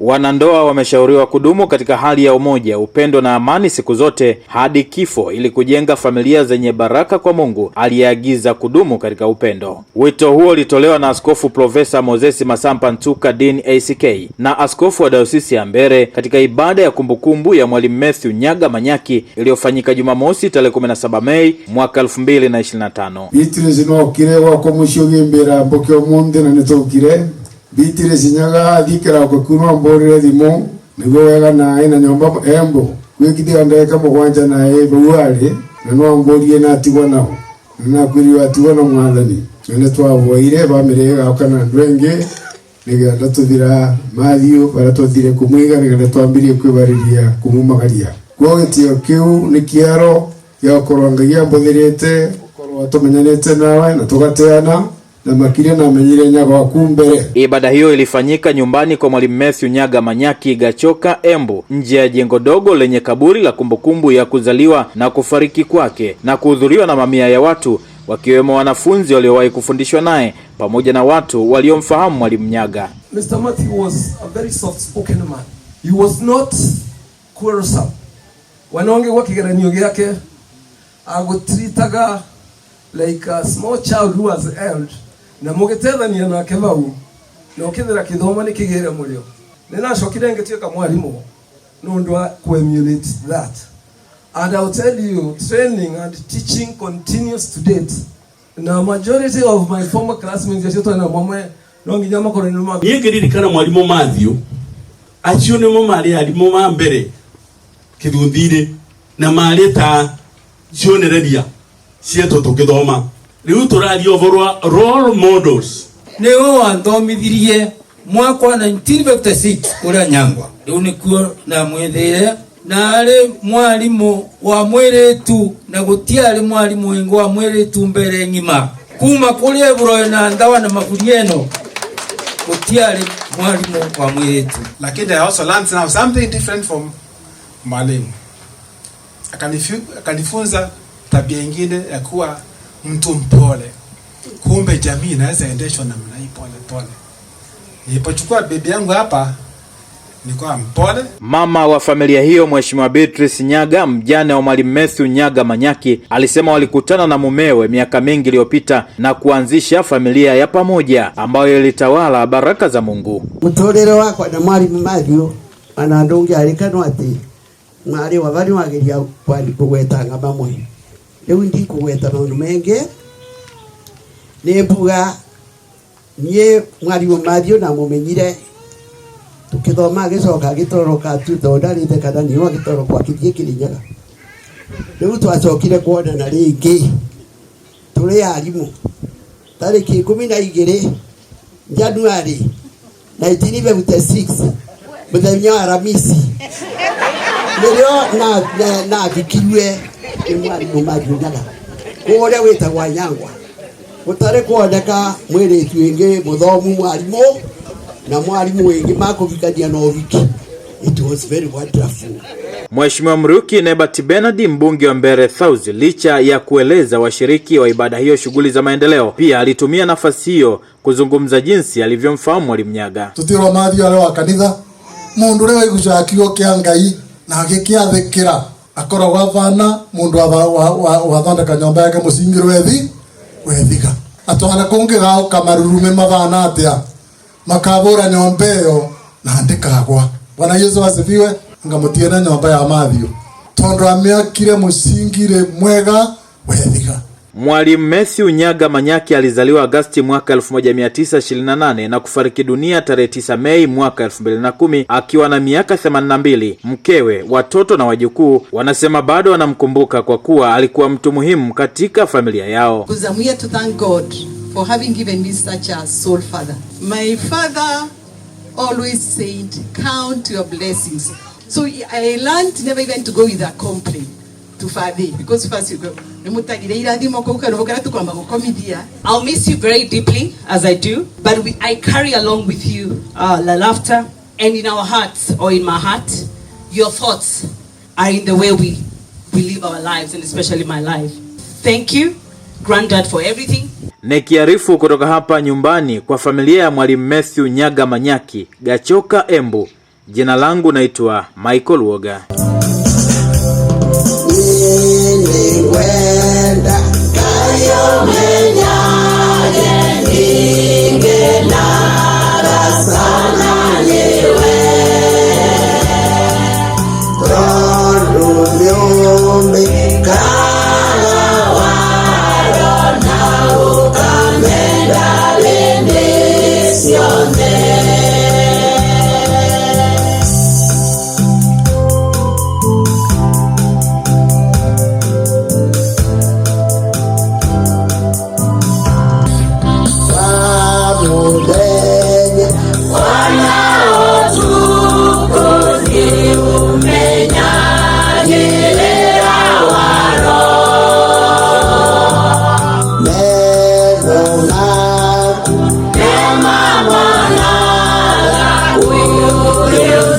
Wanandoa wameshauriwa kudumu katika hali ya umoja, upendo na amani siku zote hadi kifo ili kujenga familia zenye baraka kwa Mungu aliyeagiza kudumu katika upendo. Wito huo ulitolewa na Askofu Profesa mozesi Masamba Ntuka, Dean ACK, na askofu wa Dayosisi ya Mbeere katika ibada ya kumbukumbu ya Mwalimu matthew Nyaga Manyaki iliyofanyika Jumamosi tarehe 17 Mei mwaka 2025 thitire cinyaga thikiragwa kuma mborire thimu niguo wega nae na nyomba embo gwikithia ndagika mugwanja nae bau ari na no mborie na atigwa nao na nakwiriwe atigwa na mwathani na nitwavoire bamiri igauka na andu engi nigenda tuthira mathiu baria twathire kumwiga nigenda twambirie kwibariria kumumagaria kuo gitio kiu ni kiaro ya gukorwo ngai ambuthirite gukorwo tumenyanite nawe na tugateana na makiria na menyire nyaga wa kumbere. Ibada hiyo ilifanyika nyumbani kwa Mwalimu Mathew Nyaga Manyaki Gachoka Embu, nje ya jengo dogo lenye kaburi la kumbukumbu ya kuzaliwa na kufariki kwake na kuhudhuriwa na mamia ya watu wakiwemo wanafunzi waliowahi kufundishwa naye pamoja na watu waliomfahamu Mwalimu Nyaga. Mr. Mathew was a very soft-spoken man. He was not quarrelsome. Wanonge wa kigeranio yake agutitaga like a small child who has erred na mugitethania nake vau na ukithira kithoma ni kigire murio ni na shokire ngetie ka ngituika no ndwa ku emulate that and I'll tell you training and teaching continues to date na majority of my former classmates yacitwa na mwamwe no nginya makorwo ni mwamwe ma niĩ kana mwarimũ mathio acio nĩmo marĩ ali ma mbere kĩthuthiirĩ na mari ta cionereria cietwo tũgĩthoma riu turaria uvorwa role models ni we wanthomithirie mwakwa 1956 uria nyangwa riu nikuo namwithire naarĩ mwarimũ wa mwiritu na gutiari mwarimũ wingi wa mwiritu mbere ng'ima kuma kuri ĩvũroyo na ndawa na maburia ĩno gũtiarĩ mwarimũ wa mwiritu lakini I also learned now something different from mwalimu akanifunza tabia ingine ya kuwa mtu mpole. Kumbe jamii inaweza endeshwa namna hii pole pole. Nilipochukua bibi yangu hapa nilikuwa mpole. Mama wa familia hiyo Mheshimiwa Beatrice Nyaga, mjane wa Mwalimu Mathew Nyaga Manyaki, alisema walikutana na mumewe miaka mingi iliyopita na kuanzisha familia ya pamoja ambayo ilitawala baraka za Mungu. mutũrĩre wakwa na Mwalimu Mathew ona ndũngĩarikanwo ati mwarĩ wa varĩ wageria kũgwetanga mamwe riu ndikugweta maundu mengi nimbuga nie mwarimå mathio na mumenyire tukithoma agicoka agitoroka tu thondarite kana niu agitoroka akithie kirinyaga riu twacokire kuonana ringi turi arimu tariki ikumi na igiri Januari 1976 muthenya wa ramisi nirio nathikirwe na, na, na ni mwarimu å ku uria witagwa nyangwa anyangwa gå tarä kwendeka muthomu mwarimu na mwarimu wingi makuvikania na å viki It was very wonderful. Mheshimiwa Muriuki Nebat Benard mbunge wa mbere South, licha ya kueleza washiriki wa ibada hiyo shughuli za maendeleo, pia alitumia nafasi hiyo kuzungumza jinsi alivyomfahamu Mwalimu Nyaga. tutirwo mathio aria wa kanitha mundu uria waigucakio kia ngai na agikiathikira akoragwo athana mundu wathondeka nyomba yake musingiro wethi wethiga atwana kungigauka marurume mathana atia makabura nyomba iyo na ndikagwa bwana yesu asifiwe ngamutie nyomba ya mathio tondu amiakire musingire mwega wethiga Mwalimu Messi Unyaga Manyaki alizaliwa Agasti mwaka 1928 na kufariki dunia tarehe 9 Mei mwaka 2010 akiwa na miaka 82. Mkewe, watoto na wajukuu wanasema bado wanamkumbuka kwa kuwa alikuwa mtu muhimu katika familia yao. So I learned never even to go with a complaint tufadhi because first you go nimutagire irathimo ko ukarubukara tukwamba gukomithia I'll miss you very deeply as I do but we, I carry along with you uh, the laughter and in our hearts or in my heart your thoughts are in the way we we live our lives and especially my life thank you granddad for everything Nikiarifu kutoka hapa nyumbani kwa familia ya Mwalimu Mathew Nyaga Manyaki Gachoka Embu jina langu naitwa Michael Woga Amen. Hallelujah.